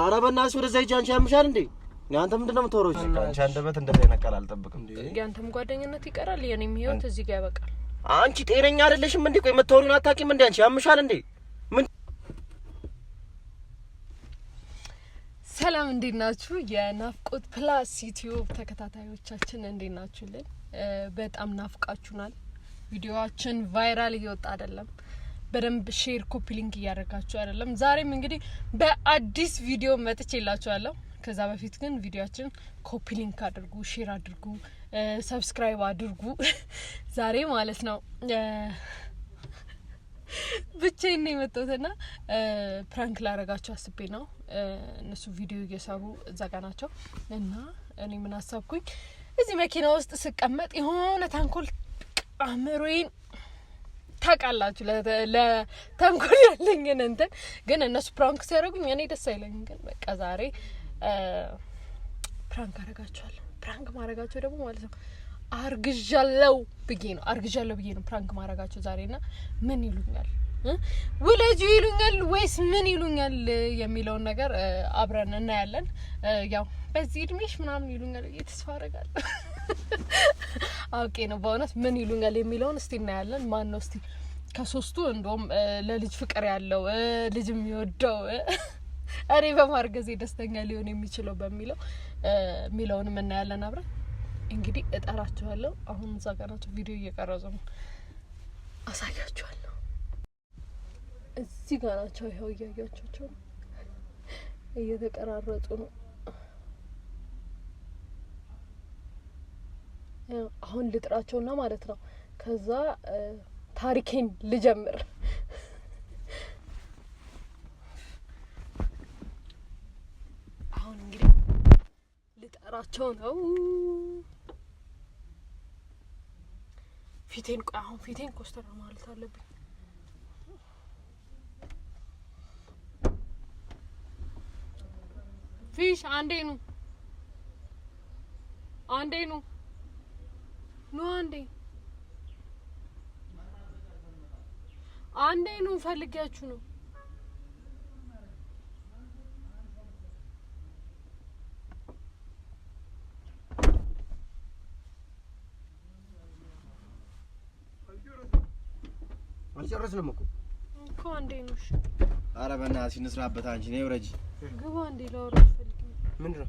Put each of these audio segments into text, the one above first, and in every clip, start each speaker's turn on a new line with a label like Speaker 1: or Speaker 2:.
Speaker 1: ኧረ በእናትሽ ወደዛ ሂጂ። አንቺ ያምሻል እንዴ? አንተ ምንድን ነው የምትወረው?
Speaker 2: አንቺ አንደበት እንደዛ ይነቀል አልጠብቅም።
Speaker 1: ያንተም ጓደኝነት ይቀራል፣ የኔም ህይወት እዚህ ጋር ያበቃል። አንቺ ጤነኛ አይደለሽም እንዴ? ቆይ የምታወሪውን አታውቂም እንዴ? አንቺ ያምሻል እንዴ? ምን ሰላም፣ እንዴት ናችሁ? የናፍቆት ፕላስ ዩቲዩብ ተከታታዮቻችን እንዴት ናችሁልን? በጣም ናፍቃችሁናል። ቪዲዮዋችን ቫይራል እየወጣ አይደለም በደንብ ሼር ኮፒ ሊንክ እያደረጋችሁ አይደለም። ዛሬም እንግዲህ በአዲስ ቪዲዮ መጥቼላችኋለሁ። ከዛ በፊት ግን ቪዲዮችን ኮፒ ሊንክ አድርጉ፣ ሼር አድርጉ፣ ሰብስክራይብ አድርጉ። ዛሬ ማለት ነው ብቻዬን ነው የመጣሁትና ፕራንክ ላረጋቸው አስቤ ነው። እነሱ ቪዲዮ እየሰሩ እዛ ጋ ናቸው እና እኔ ምን አሰብኩኝ እዚህ መኪና ውስጥ ስቀመጥ የሆነ ታንኮል አእምሮዬን ታውቃላችሁ ለተንኮል ያለኝን እንትን ግን እነሱ ፕራንክ ሲያደርጉኝ እኔ ደስ አይለኝ። ግን በቃ ዛሬ ፕራንክ አረጋቸዋለሁ። ፕራንክ ማረጋቸው ደግሞ ማለት ነው አርግዣለው ብዬ ነው አርግዣለው ብዬ ነው ፕራንክ ማረጋቸው ዛሬ ና ምን ይሉኛል ውለጁ ይሉኛል ወይስ ምን ይሉኛል የሚለውን ነገር አብረን እናያለን። ያው በዚህ እድሜሽ ምናምን ይሉኛል ተስፋ አረጋለሁ። አውቄ ነው በእውነት ምን ይሉኛል የሚለውን እስቲ እናያለን። ማን ነው እስቲ ከሶስቱ እንደውም ለልጅ ፍቅር ያለው ልጅ የሚወደው እኔ በማርገዜ ደስተኛ ሊሆን የሚችለው በሚለው የሚለውን እናያለን አብረን። እንግዲህ እጠራችኋለሁ። አሁን እዛ ጋር ናቸው፣ ቪዲዮ እየቀረጹ ነው። አሳያችኋለሁ። እዚህ ጋር ናቸው። ይኸው እያያቸው እየተቀራረጡ ነው። አሁን ልጥራቸውና ማለት ነው ከዛ ታሪኬን ልጀምር። አሁን እንግዲህ ልጠራቸው ነው። ፊቴን ቆይ፣ አሁን ፊቴን ኮስተር ማለት አለብኝ። ፊሽ አንዴ ነው፣ አንዴ ነው፣ ኑ አንዴ አንዴ ነው ፈልጊያችሁ ነው አልጨረስንም እኮ እኮ አንዴ ነው። እሺ፣
Speaker 2: ኧረ በእናትሽ እንስራበት። አንቺ ነይ ውረጂ፣
Speaker 1: ግባ። አንዴ ላውራ ፈልጊ።
Speaker 2: ምንድን ነው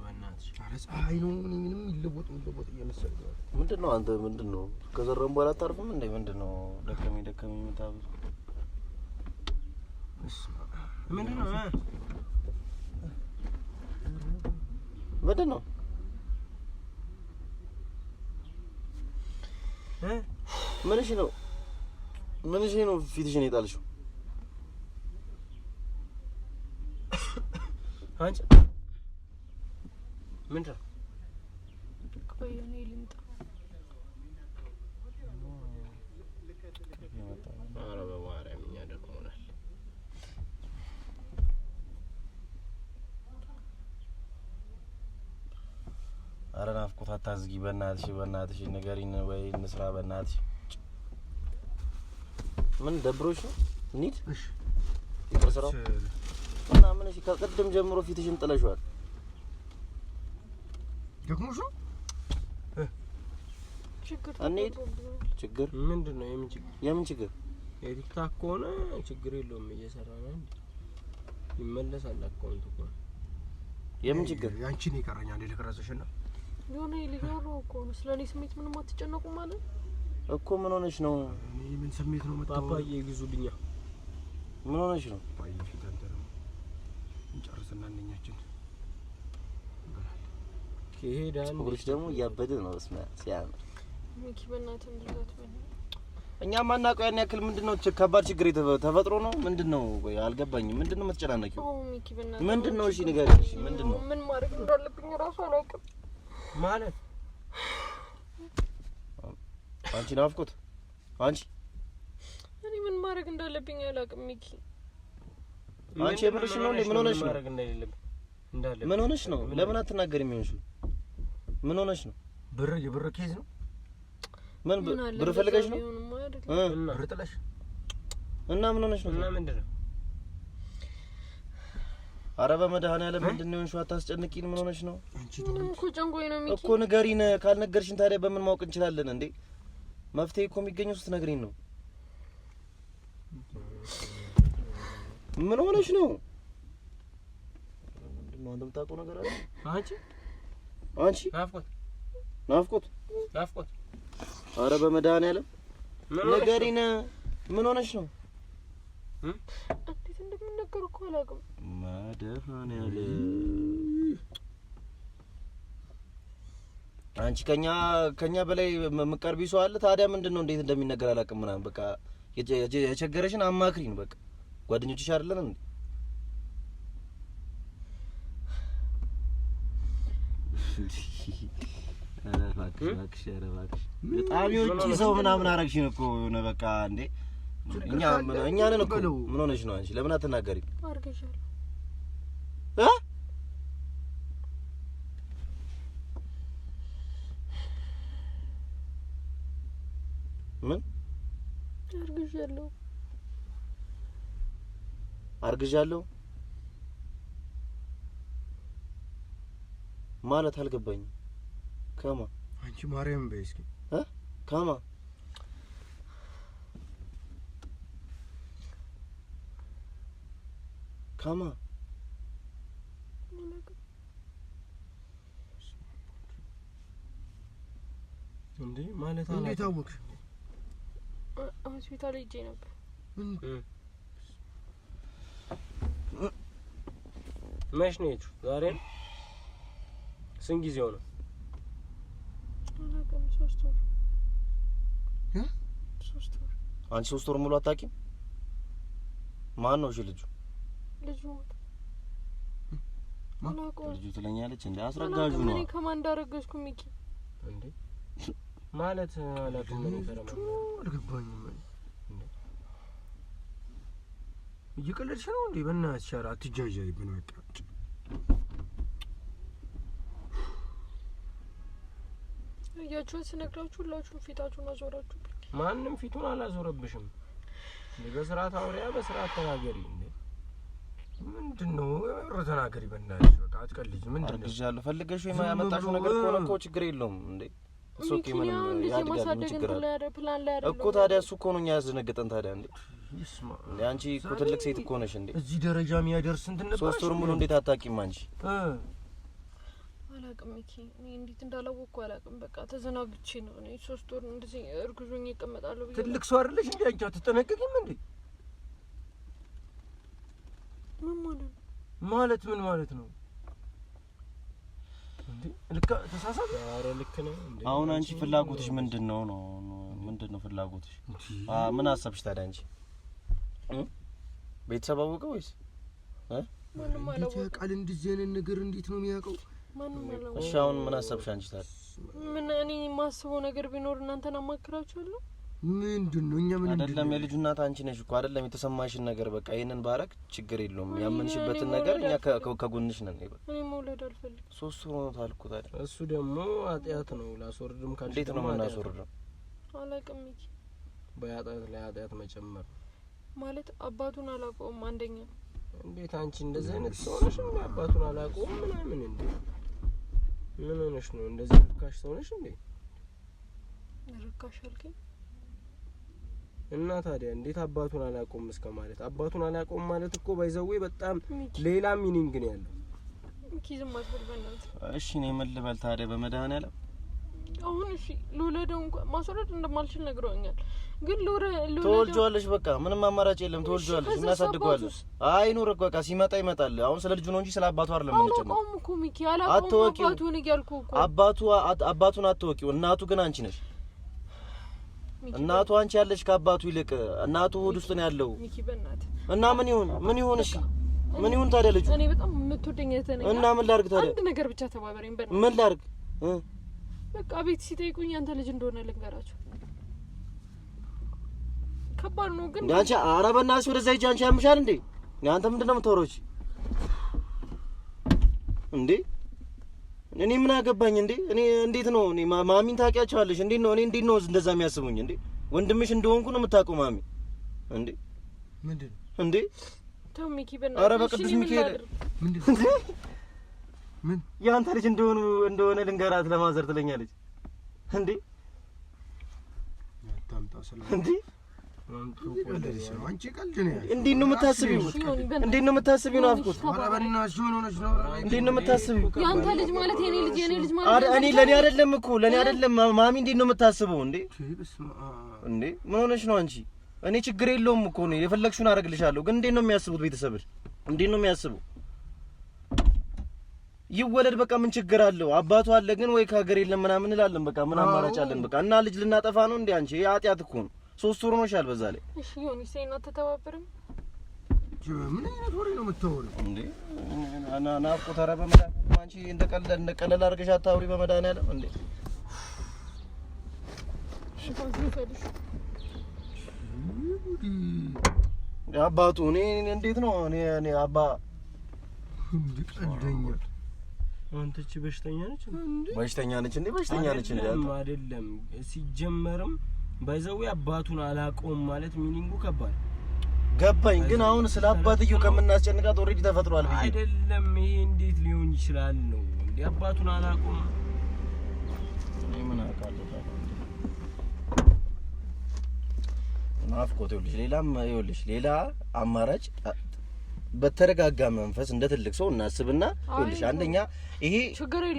Speaker 2: ፀሐይ ነው ምንም ይለወጥ ይለወጥ እየመሰለ ምንድን ነው አንተ ምንድን ነው ከዘረም በኋላ አታርፍም እንዴ? ምንድን ነው ደከሜ ደከሜ የምታብዝ ምንድን ነው ምንድን ነው ምን ነው ምንሽ ነው ፊትሽን የጣልሽው አንቺ ምንድን ነው? ቆይ እኔ ናፍቆት አታዝጊ። በእናትሽ በእናትሽ ንገሪን ወይ እንስራ። በእናትሽ ምን ደብሮሽ ነው? እንሂድ። እሺ፣ ስራው እና ምን። እሺ፣ ከቅድም ጀምሮ ፊትሽን ጥለሽዋል። ደክሞሽ ነው? ችግር ምንድን ነው? የምን ችግር የምን ችግር? የቲክታክ ከሆነ ችግር የለውም እየሰራ ነው እንዴ? ይመለሳል አካውንት እኮ የምን ችግር? ነው
Speaker 1: የሆነ እኮ ነው። ስለ እኔ ስሜት ምንም አትጨነቁ ማለት
Speaker 2: እኮ ምን ሆነሽ ነው? እኔ ምን ስሜት ነው መጣው? ፓፓዬ ግዙልኛ ምን ሆነሽ ነው? ፓፓዬ ፊት አንተ ነው እንጨርስና እነኛችን ይሄዳል። ጸጉሮች ደግሞ እያበደ ነው። እስማ ሲያምር እኛ ማናውቀው ያን ያክል ምንድነው? ከባድ ችግር ተፈጥሮ ነው ምንድነው? ቆይ አልገባኝም። ምንድነው የምትጨናነቂው? ምንድነው? እሺ ንገሪኝ። እሺ ምንድነው?
Speaker 1: ምን ማድረግ እንዳለብኝ እራሱ አላውቅም።
Speaker 2: ማለት አንቺ ናፍቆት አንቺ
Speaker 1: እኔ ምን ማድረግ እንዳለብኝ አላውቅም። ሚኪ
Speaker 2: አንቺ የምርሽ ነው? ምን ሆነሽ ነው? ምን ሆነሽ ነው? ለምን አትናገሪም? ይሆንሽ ምን ሆነሽ ነው? ብር የብር ኬዝ ነው። ምን ብር ፈልገሽ ነው? ብር ጥለሽ እና ምን ሆነሽ ነው? እና ምንድን ነው? ኧረ በመድኃኒዓለም ምንድን ነው የሆንሽው? አታስጨንቂን። ምን ሆነሽ ነው?
Speaker 1: እኮ ጨንቆኝ ነው
Speaker 2: እኮ ንገሪን። ካልነገርሽን ታዲያ በምን ማወቅ እንችላለን እንዴ? መፍትሄ እኮ የሚገኘው ስትነግሪን ነው። ምን ሆነሽ ነው? ምንድን ነው እንደምታውቀው ነገር አለ አንቺ አንቺ ናፍቆት ናፍቆት ናፍቆት፣ አረ በመድኃኒዓለም ንገሪን፣ ምን ሆነሽ ነው?
Speaker 1: እንዴት እንደምነገር እኮ አላውቅም።
Speaker 2: መድኃኒዓለም አንቺ ከኛ ከኛ በላይ የምትቀርቢ ሰው አለ ታዲያ? ምንድን ነው እንዴት እንደሚነገር አላውቅም ምናምን። በቃ የቸገረሽን አማክሪን። በቃ ጓደኞችሽ አይደለን እንዴ? በጣም የውጭ ሰው ምናምን አረግሽን እኮ የሆነ በቃ እንዴ እኛንን እኮ ምን ሆነሽ ነው አንቺ? ለምን አትናገሪም? ምን
Speaker 1: አርግዣለሁ
Speaker 2: አርግዣለሁ ማለት አልገባኝም። ከማ አንቺ ማርያም በይ እስኪ እ ከማ ከማ እንዴ ማለት አለ እንዴት አወቅሽ?
Speaker 1: ሆስፒታል ሂጄ ነበር።
Speaker 2: መች ነው ዛሬ ነው ስንት ጊዜው ነው? አንቺ ሶስት ወር ሙሉ አታውቂም? ማን ነው? እሺ ልጁ ልጁ ልጁ ትለኛለች እንዴ? አስረጋጁ ነው
Speaker 1: ከማን እንዳረገዝኩ ሚኪ
Speaker 2: ማለት አላውቅም። እየቀለድሽ ነው እንዴ? በእናትሽ አትጃጃይብን በቃ
Speaker 1: እያችሁን ስነግራችሁ ሁላችሁም ፊታችሁን አዞራችሁብኝ።
Speaker 2: ማንም ፊቱን አላዞረብሽም። በስርዓት አውሪያ፣ በስርዓት ተናገሪ። ምንድን ነው ር ተናገሪ። በእናትሽ በቃ አትቀልጂ። ምንድን ነው አርግዣለሁ። ፈልገሽ ወይ ያመጣሽው ነገር ከሆነ እኮ ችግር የለውም እንዴ
Speaker 1: እሱ ኦኬ። ምንም ያድጋል ችግር አለ
Speaker 2: እኮ ታዲያ። እሱ እኮ ነው እኛ ያስደነገጠን ታዲያ እንዴ አንቺ እኮ ትልቅ ሴት እኮ ነሽ እንዴ! እዚህ ደረጃ የሚያደርስ እንትን ነበር። ሶስት ወር ሙሉ እንዴት አታውቂም አንቺ?
Speaker 1: አላቅም ሚኪ፣ እኔ እንዴት እንዳላወቅኩ አላቅም። በቃ ተዘናግቼ ነው። እኔ ሶስት ወር እንደዚህ እርግዞኝ እቀመጣለሁ ብዬ
Speaker 2: ትልቅ ሰው አይደለሽ እንዴ? አንቺ አትጠነቀቂም እንዴ? ምን ማለት ነው? ማለት ምን ማለት ነው? አሁን አንቺ ፍላጎትሽ ምንድን ነው ነው? ምንድን ነው ፍላጎትሽ? ምን አሰብሽ ታዲያ አንቺ? ቤተሰብ አወቀ ወይስ ቃል እንደዚህ አይነት ነገር እንዴት ነው የሚያውቀው? እሺ አሁን ምን አሰብሽ አንቺ ታዲያ?
Speaker 1: ምን እኔ የማስበው ነገር ቢኖር እናንተን አማክራችኋለሁ።
Speaker 2: ምንድን ነው እኛ ምን አይደለም፣ የልጁ እናት አንቺ ነሽ እኮ አይደለም። የተሰማሽን ነገር በቃ ይሄንን ባረግ ችግር የለውም። ያመንሽበትን ነገር እኛ ከጎንሽ ነን። ይበል
Speaker 1: እኔ መውለድ አልፈልግም።
Speaker 2: ሶስት ሆኖ ታልኩ ታዲያ። እሱ ደግሞ አጥያት ነው። ላስወርድም ካልሽ እንዴት ነው የምናስወርደው? አላቅም ይቺ በአጥያት ላይ አጥያት መጨመር
Speaker 1: ማለት አባቱን አላውቀውም። አንደኛ
Speaker 2: እንዴት አንቺ እንደዚህ አይነት ሰው ነሽ? አባቱን አላውቀውም ምናምን እንዴ ምን ሆነሽ ነው እንደዚህ ርካሽ ሰው ነሽ እንዴ?
Speaker 1: ርካሽ አልከኝ
Speaker 2: እና ታዲያ እንዴት አባቱን አላቆም እስከ ማለት አባቱን አላቆም ማለት እኮ ባይዘዌ በጣም ሌላ ሚኒንግ ነው ያለው። ኪዝም እሺ እኔ ምን ልበል ታዲያ በመድኃኒዓለም
Speaker 1: አሁን እሺ ልውለደው እንኳን ማስወረድ እንደማልችል ነግረውኛል። ግን
Speaker 2: ተወልጇለሽ፣ በቃ ምንም አማራጭ የለም። አይ ኑር እኮ በቃ ሲመጣ ይመጣል። አሁን ስለ ልጁ ነው እንጂ ስለ አባቱ አይደለም። አባቱ አባቱን አትወቂው፣ እናቱ ግን አንቺ ነሽ። እናቱ አንቺ ያለሽ ከአባቱ ይልቅ እናቱ ሆድ ውስጥ ነው ያለው ሚኪ እና ምን ይሁን ምን ይሁን እሺ ምን ይሁን ታዲያ
Speaker 1: ልጁ እኔ በጣም የምትወደኝ
Speaker 2: እና ምን ላድርግ ታዲያ?
Speaker 1: አንድ ነገር ብቻ ተባበረኝ። ምን ላድርግ በቃ ቤት ሲጠይቁኝ ያንተ ልጅ እንደሆነ ልንገራቸው። ከባድ ነው ግን
Speaker 2: አንቺ። ኧረ በእናትሽ ወደዛ ሂጂ አንቺ። ያምሻል እንዴ? አንተ ምንድን ነው የምታወራው እንዴ? እኔ ምን አገባኝ እንዴ? እኔ እንዴት ነው እኔ ማሚን ታውቂያቸዋለሽ? እንዴት ነው እኔ እንዴት ነው እንደዛ የሚያስቡኝ እንዴ? ወንድምሽ እንደሆንኩ ነው የምታውቀው ማሚ እንዴ? ምንድን እንዴ?
Speaker 1: ተው ሚኪ፣ በእናትሽ
Speaker 2: ኧረ በቅዱስ ሚካኤል ምንድን ምን የአንተ ልጅ እንደሆነ እንደሆነ ልንገራት ለማዘር ትለኛለች እንዴ? እንዴ እንዴት ነው የምታስቢው? እንዴት ነው የምታስቢው? ናፍቆት ነው የምታስቢው?
Speaker 1: የአንተ ልጅ ማለት የኔ ልጅ የኔ ልጅ
Speaker 2: ማለት እኔ ለእኔ አይደለም እኮ ማሚ። እንዴት ነው የምታስበው? እንዴ እንዴ ምን ሆነሽ ነው አንቺ? እኔ ችግር የለውም እኮ ነው የፈለግሽውን አደርግልሻለሁ። ግን እንዴት ነው የሚያስቡት ቤተሰብ እንዴት ነው የሚያስበው? ይወለድ በቃ ምን ችግር አለው? አባቱ አለ ግን ወይ ከሀገር የለም ምናምን እንላለን። በቃ ምን አማራጭ አለን? በቃ እና ልጅ ልናጠፋ ነው እንዴ? አንቺ የአጢአት እኮ ነው። ሶስት ወር ሆኖሻል። በዛ ላይ
Speaker 1: እሺ ዮኒ ሰይና ተተባበረም
Speaker 2: ምን አይነት ወሬ ነው የምታወሪው እንዴ? በመድኃኒዓለም አንቺ እንደ ቀለል እንደ ቀለል አድርገሽ አታውሪ በመድኃኒዓለም እንዴ። አባቱ እኔ እንዴት ነው እኔ እኔ አባ እንዴ ቀልደኛ አንተ እቺ በሽተኛ ነች እንዴ? በሽተኛ ነች እንዴ? በሽተኛ ነች እንዴ? አንተ አይደለም። ሲጀመርም ባይዘው አባቱን አላቆም ማለት ሚኒንጉ ከባድ ገባኝ። ግን አሁን ስለ አባትየው ከምናስጨንቃት ኦሬዲ ተፈጥሯል ብዬ አይደለም። ይሄ እንዴት ሊሆን ይችላል ነው እንዴ? አባቱን አላቆም እኔ ምን አውቃለሁ። ናፍቆት ይኸውልሽ፣ ሌላም ይኸውልሽ፣ ሌላ አማራጭ በተረጋጋ መንፈስ እንደ ትልቅ ሰው እናስብና ልሽ አንደኛ ይሄ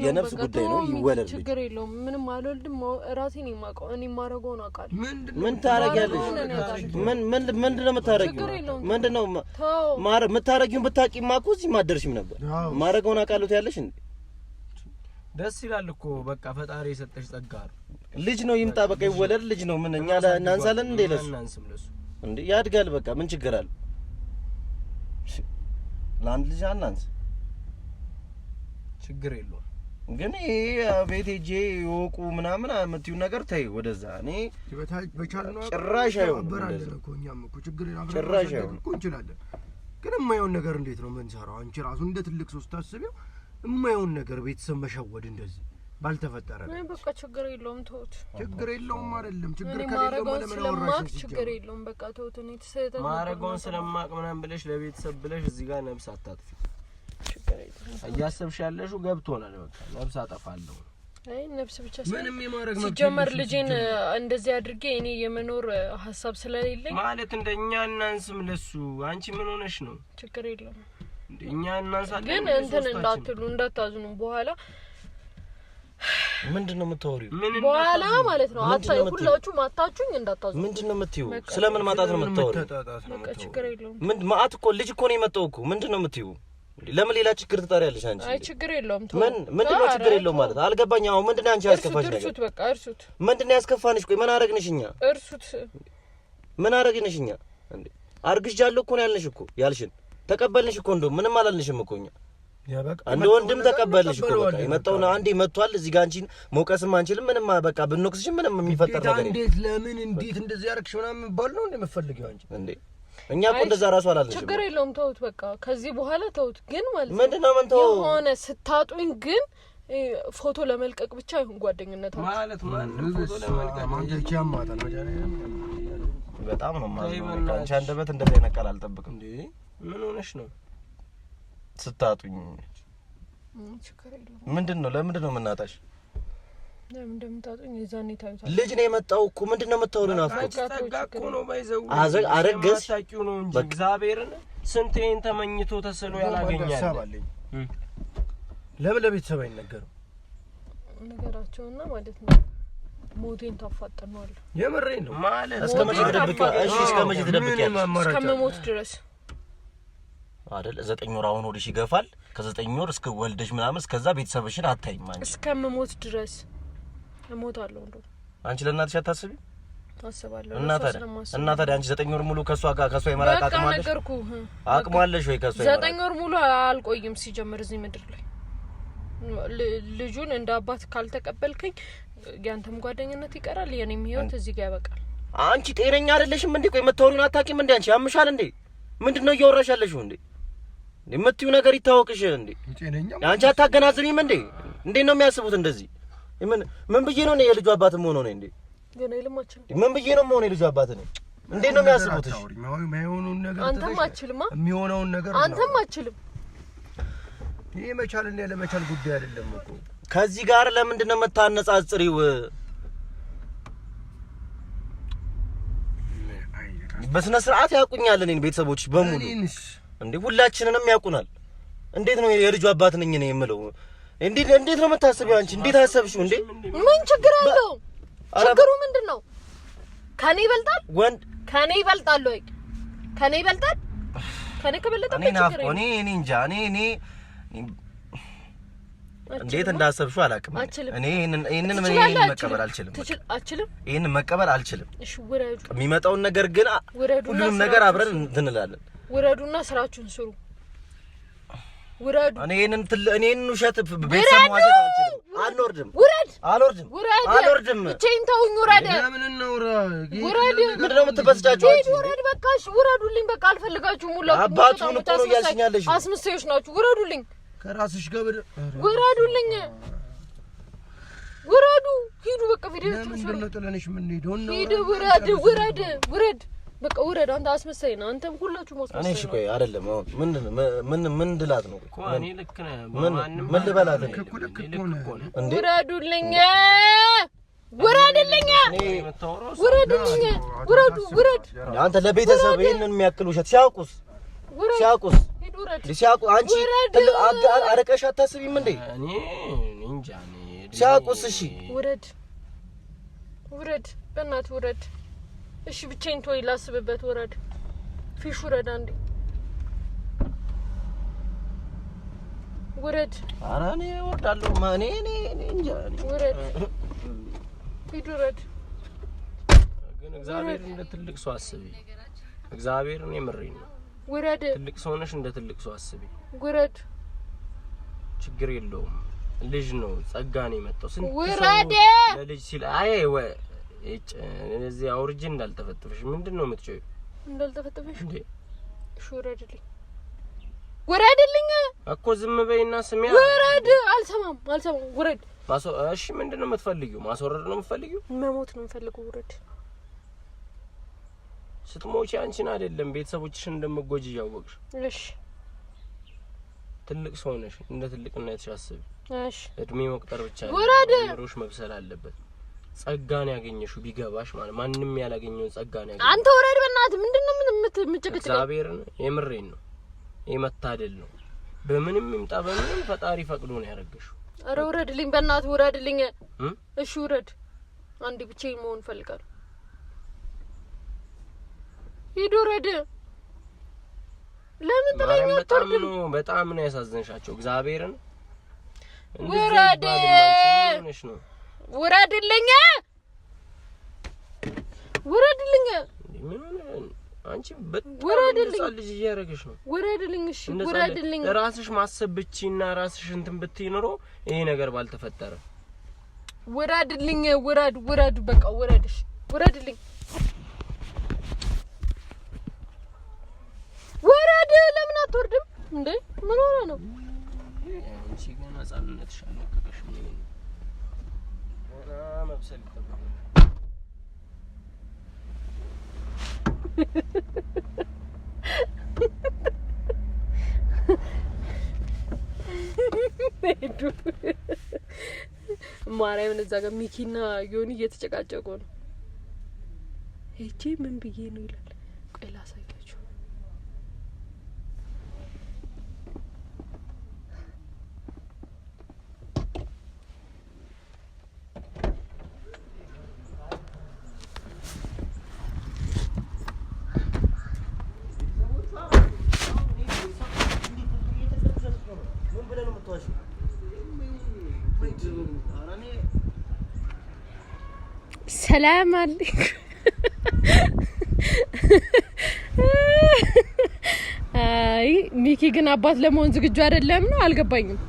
Speaker 2: የነፍስ ጉዳይ ነው። ይወለድ
Speaker 1: ችግር የለውም ምንም አልወልድም። ራሴን የማውቀው እኔ የማደርገውን አውቃለሁ።
Speaker 2: ምን ታረጊያለሽ? ምንድን ነው የምታረጊው? ምንድን ነው የምታረጊውን ብታውቂማ እኮ እዚህ ማደርሽም ነበር። ማድረገውን አውቃለሁ ትያለሽ እንዴ? ደስ ይላል እኮ በቃ ፈጣሪ የሰጠሽ ጸጋ ልጅ ነው ይምጣ፣ በቃ ይወለድ ልጅ ነው። ምን እኛ እናንሳለን እንዴ? ለሱ እንዴ ያድጋል። በቃ ምን ችግር አለ? ለአንድ ልጅ አናንስ ችግር የለውም። ግን ይሄ ቤት ሄጄ ይወቁ ምናምን የምትዩ ነገር ተይ ወደዛ። እኔ ጭራሽ ጭራሽ እንችላለን። ግን የማየውን ነገር እንዴት ነው ምንሰራው? አንቺ ራሱ እንደ ትልቅ ሰው ስታስቢው የማየውን ነገር ቤተሰብ መሸወድ እንደዚህ ባልተፈጠረ
Speaker 1: ነው። በቃ ችግር የለውም ተውት።
Speaker 2: ችግር የለውም አይደለም ችግር ከሌለው
Speaker 1: ለምን አወራሽ? ችግር የለውም በቃ ተውት። እኔ ተሰጠ
Speaker 2: ማረጋውን ስለማቅ ምናምን ብለሽ ለቤተሰብ ብለሽ እዚህ ጋር ነብስ አታጥፊ። እያሰብሽ ያለሽው ገብቶናል። በቃ ነብስ አጠፋለሁ።
Speaker 1: አይ ነብስ ብቻ
Speaker 2: ምንም የማረግ
Speaker 1: ነው። ሲጀመር ልጄን እንደዚህ አድርጌ እኔ የመኖር ሀሳብ ስለሌለኝ
Speaker 2: ማለት እንደኛ እናንስም ለሱ አንቺ ምን ሆነሽ ነው? ችግር የለውም እኛ እናንሳለን።
Speaker 1: ግን እንትን እንዳትሉ እንዳታዝኑ በኋላ
Speaker 2: ምንድን ነው የምታወሪው?
Speaker 1: በኋላ ማለት ነው አታ ሁላችሁም አታችሁኝ እንዳታዙ።
Speaker 2: ምንድን ነው የምትይው? ስለምን ማጣት ነው የምታወሪው?
Speaker 1: በቃ ችግር የለውም።
Speaker 2: ምን ማጣት እኮ ልጅ እኮ ነው የመጣው እኮ። ምንድን ነው የምትይው? ለምን ሌላ ችግር ትጠሪያለሽ አንቺ?
Speaker 1: አይ ችግር የለውም።
Speaker 2: ምን ምንድን ነው ችግር የለውም ማለት አልገባኝ። አሁን ምንድን ነው አንቺ ያስከፋሽ
Speaker 1: ነገር? እርሱት በቃ እርሱት።
Speaker 2: ምንድን ነው ያስከፋንሽ? ቆይ ምን አደረግንሽ እኛ? እርሱት። ምን አደረግንሽ እኛ? አርግዣለሁ እኮ ነው ያልንሽ እኮ ያልሽን ተቀበልንሽ እኮ እንደውም ምንም አላልንሽም እኮ እኛ አንድ ወንድም ተቀበልሽ እኮ በቃ ነው። አንዴ መጥቷል። እዚህ ጋር አንቺን መውቀስም አንችልም። ምንም በቃ ብንወቅስሽም ምንም የሚፈጠር ነገር እንዴት፣ ለምን፣ እንዴት እንደዚህ ያደርግሽ ምናምን የሚባል ነው እንዴ መፈልገው አንቺ እንዴ እኛ እኮ እንደዛ ራሱ
Speaker 1: አላለሽ። ችግር የለውም ተውት፣ በቃ ከዚህ በኋላ ተውት። ግን
Speaker 2: ማለት ምንድን ነው ምን ተው
Speaker 1: የሆነ ስታጡኝ ግን ፎቶ ለመልቀቅ ብቻ ይሁን ጓደኝነት
Speaker 2: ማለት በጣም ነው ማለት አንቺ አንደበት እንደዚህ ነቀል አልጠብቅም። ምን ሆነሽ ነው ስታጡኝ ምንድን ነው? ለምንድን ነው የምናጣሽ? ልጅ ነው የመጣው እኮ ምንድን ነው የምታወሪው? አረገዝ ነው እግዚአብሔርን ስንቴን ተመኝቶ ተስሎ ያላገኛል። ለምን ለቤተሰብ አይነገርም?
Speaker 1: ነገራቸውና ማለት ነው ሞቴን ታፋጥነዋለህ።
Speaker 2: የምሬ ነው ማለት እስከ መቼ ትደብቂያለሽ? እስከ መቼ
Speaker 1: ትደብቂያለሽ? ድረስ
Speaker 2: አይደል ዘጠኝ ወር አሁን ወዲሽ ይገፋል። ከዘጠኝ ወር እስከ ወልደሽ ምናምን እስከዛ ቤተሰብሽን አታይም። አንቺ
Speaker 1: እስከምሞት ድረስ እሞታለሁ። እንደው
Speaker 2: አንቺ ለእናትሽ አታስቢ? አስባለሁ። እና ታዲያ እና ታዲያ አንቺ ዘጠኝ ወር ሙሉ ከሷ ጋር ከሷ
Speaker 1: የመራቅ አቅም አለሽ? ነገርኩህ።
Speaker 2: አቅም አለሽ ወይ ከእሷ?
Speaker 1: ዘጠኝ ወር ሙሉ አልቆይም ሲጀምር እዚህ ምድር ላይ ልጁን እንደ አባት ካልተቀበልከኝ ያንተም ጓደኝነት ይቀራል፣ የኔም ህይወት እዚህ ጋር ያበቃል።
Speaker 2: አንቺ ጤነኛ አይደለሽም እንዴ? ቆይ የምታወሪውን አታውቂም እንዴ? አንቺ ያምሻል እንዴ? ምንድን ነው እያወራሽ ያለሽው እንዴ? የምትዩ ነገር ይታወቅሽ እንዴ? አንቺ አታገናዝቢም እንዴ? እንዴት ነው የሚያስቡት እንደዚህ? ምን ምን ብዬ ነው የልጁ አባት ሆኖ ነው እንዴ? ምን ብዬ ነው የምሆነው የልጁ አባት ነው? እንዴት ነው የሚያስቡት?
Speaker 1: አንተም አችልም፣
Speaker 2: የሚሆነውን ነገር
Speaker 1: አንተም አችልም።
Speaker 2: ይሄ መቻል እና ያለመቻል ጉዳይ አይደለም እኮ ከዚህ ጋር ለምንድን ነው የምታነጻጽሪው? በስነ ስርዓት ያውቁኛል እኔን ቤተሰቦች በሙሉ እንዴ ሁላችንንም ያውቁናል። እንዴት ነው የልጁ አባት ነኝ ነው የምለው? እንዴት እንዴት ነው የምታስቢው አንቺ? እንዴት አሰብሽው? እንዴ
Speaker 1: ምን ችግር አለው? ችግሩ ምንድን ነው? ከኔ ይበልጣል ወንድ ከኔ ይበልጣል ወይ? ከኔ ይበልጣል ከኔ ከበለጠ
Speaker 2: እኔ እኔ እንጃ እኔ እኔ እንዴት እንዳሰብሹ አላውቅም። እኔ ይሄንን ምን ይሄንን መቀበል አልችልም። አልችልም ይሄንን መቀበል አልችልም። እሺ ውረዱ። የሚመጣውን ነገር ግን ሁሉንም ነገር አብረን እንትንላለን። እንላለን።
Speaker 1: ውረዱና ስራችሁን ስሩ። ውረዱ።
Speaker 2: እኔ ይሄንን ትል እኔን ውሸት
Speaker 1: ቤተሰብ ማለት አልችልም። አልወርድም። ውረድ። አልወርድም። ውረድ። አልወርድም። ብቻዬን ተውኝ። ውረድ።
Speaker 2: ለምን እናውራ? ውረድ። ምንድን ነው የምትበስጫቸው?
Speaker 1: ውረድ። በቃ እሺ፣ ውረዱልኝ። በቃ አልፈልጋችሁም። ሁላችሁም
Speaker 2: አባቱን እኮ ነው እያልሽኝ ያለሽው።
Speaker 1: አስመሳዮች ናችሁ። ውረዱልኝ።
Speaker 2: ከራስሽ ገብር
Speaker 1: ውረዱልኝ፣ ውረዱ፣ ሂዱ። በቃ ቪዲዮ
Speaker 2: ምን ጥለንሽ ነው?
Speaker 1: ሂዱ፣ ውረድ፣ ውረድ፣ ውረድ። በቃ ውረድ። አንተ አስመሳይ ነህ። አንተም ሁላችሁ
Speaker 2: አስመሳይ ነው። እሺ፣ ቆይ አይደለም። ምን ምን ምን ድላት ነው? እኔ ልክ ነህ። ምን ምን ልበላት ነው?
Speaker 1: ውረዱልኝ፣ ውረድልኝ፣ ውረድልኝ፣ ውረዱ፣ ውረድ።
Speaker 2: አንተ ለቤተሰብ ይሄንን የሚያክል ውሸት ሲያውቁስ ሲያውቁስ ሲያውቁ አንቺ አረቀሽ አታስቢም እንዴ? ሲያውቁስ? እሺ
Speaker 1: ውረድ፣ ውረድ፣ በእናትህ ውረድ። እሺ ብቻዬን ተወኝ ላስብበት። ውረድ ፊሽ፣ ውረድ፣ አንዴ ውረድ።
Speaker 2: ኧረ እኔ እወርዳለሁ። እኔ
Speaker 1: ውረድ፣ ሂድ፣ ውረድ።
Speaker 2: ግን እግዚአብሔር እንደ ትልቅ ሰው አስቢ። እግዚአብሔር እኔ ምሬ ነው ውረድ። ትልቅ ሰው ነሽ፣ እንደ ትልቅ ሰው አስቢ። ውረድ። ችግር የለውም ልጅ ነው፣ ጸጋ ነው የመጣው። ስንት ውረድ ለልጅ ሲል አይ ወይ እዚህ አውርጄ እንዳልተፈጥፍሽ ምንድን ነው የምትጨዩ?
Speaker 1: እንዳልተፈጥፍሽ እንዴ? እሺ ውረድልኝ፣ ውረድልኝ
Speaker 2: እኮ ዝም በይና ስሚ።
Speaker 1: ውረድ። አልሰማም፣ አልሰማም። ውረድ።
Speaker 2: እሺ ምንድን ነው የምትፈልጊው? ማስወረድ ነው የምትፈልጊው?
Speaker 1: መሞት ነው የምፈልገው። ውረድ
Speaker 2: ስትሞቺ አንቺን አይደለም ቤተሰቦችሽ እንደምጎጅ እያወቅሽ እሺ፣ ትልቅ ሰው ነሽ። እንደ ትልቅነት አስቢ። እሺ፣ እድሜ መቁጠር ብቻ ምሮሽ መብሰል አለበት። ጸጋን ያገኘሽው ቢገባሽ ማለት ማንም ያላገኘው ጸጋን
Speaker 1: ያገኘ አንተ ወረድ፣ በእናትህ ምንድነው? ምን ምትጭቅጭቅ?
Speaker 2: እግዚአብሔርን የምሬን ነው። የመታደል ነው። በምንም ይምጣ በምንም ፈጣሪ ፈቅዶ ነው ያደረገሽው።
Speaker 1: አረ ውረድልኝ፣ በእናትህ ውረድልኝ። እሺ ውረድ። አንዴ ብቻዬን መሆን እፈልጋለሁ። ሂድ ወረድ።
Speaker 2: ለምን ጥለኝ አትወርድም? በጣም ነው ያሳዘንሻቸው። እግዚአብሔርን
Speaker 1: ወረድ ነው ውረድልኝ፣ ውረድልኝ።
Speaker 2: አንቺ በጣም ልጅ እያደረግሽ ነው።
Speaker 1: ውረድልኝ፣ እሺ
Speaker 2: ውረድልኝ። ራስሽ ማሰብ ብቻና ራስሽ እንትን ብትይ ኖሮ ይሄ ነገር ባልተፈጠረ።
Speaker 1: ውረድልኝ፣ ውረድ፣ ውረድ፣ በቃ ውረድሽ፣ ውረድልኝ ታዲያ ለምን አትወርድም እንዴ? ምን ሆነ ነው?
Speaker 2: አንቺ ገና ህጻንነትሽ አለቀቀሽም። መብሰል ይጠበቃል።
Speaker 1: ማርያምን እዛ ጋር ሚኪና ዮኒ እየተጨቃጨቁ ነው። ሄቼ ምን ብዬ ነው ይላል ሰላም አለይኩም። አይ ሚኪ ግን አባት ለመሆን ዝግጁ አይደለም ነው። አልገባኝም።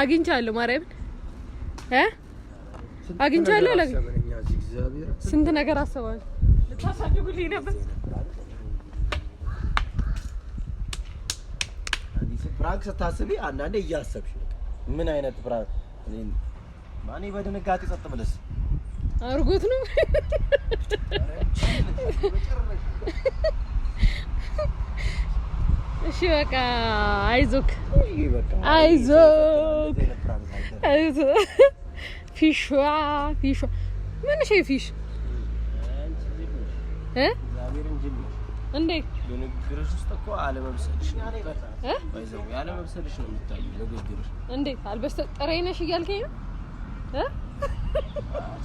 Speaker 1: አግኝቻለሁ ማርያምን አግኝቻለሁ። ስንት ነገር አስባል ልታሳድጉልኝ ነበር።
Speaker 2: ፕራንክ ስታስቢ አንዳንዴ እያሰብሽ ምን አይነት ፕራንክ ማኔ በድንጋጤ ጸጥ ብለሽ
Speaker 1: አርጎት ነው እሺ በቃ አይዞክ አይዞክ ፊሽዋ ፊሽዋ ምን ሼፊሽ እ እንዴት
Speaker 2: በንግግርሽ ውስጥ እኮ አለመብሰልሽ ነው የሚታየው።
Speaker 1: ንግግርሽ እንዴት ጥሬ ነሽ እያልከኝ ነው እ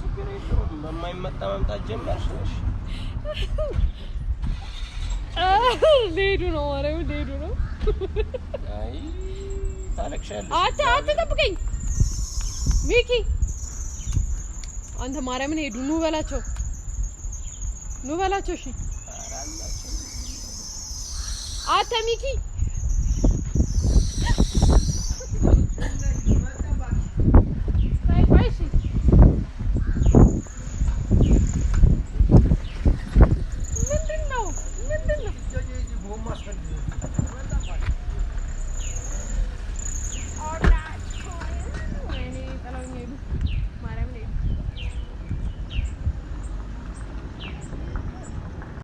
Speaker 2: ችግር የለውም በማይመጣ መምጣት ጀመርሽ ነሽ።
Speaker 1: ልሄዱ ነው ማርያምን፣ ልሄዱ ነው።
Speaker 2: አይ ታለቅሻለሽ።
Speaker 1: አትጠብቀኝ ሚኪ አንተ ማርያምን ሄዱ ኑ በላቸው፣ ኑ በላቸው። እሺ አተ ሚኪ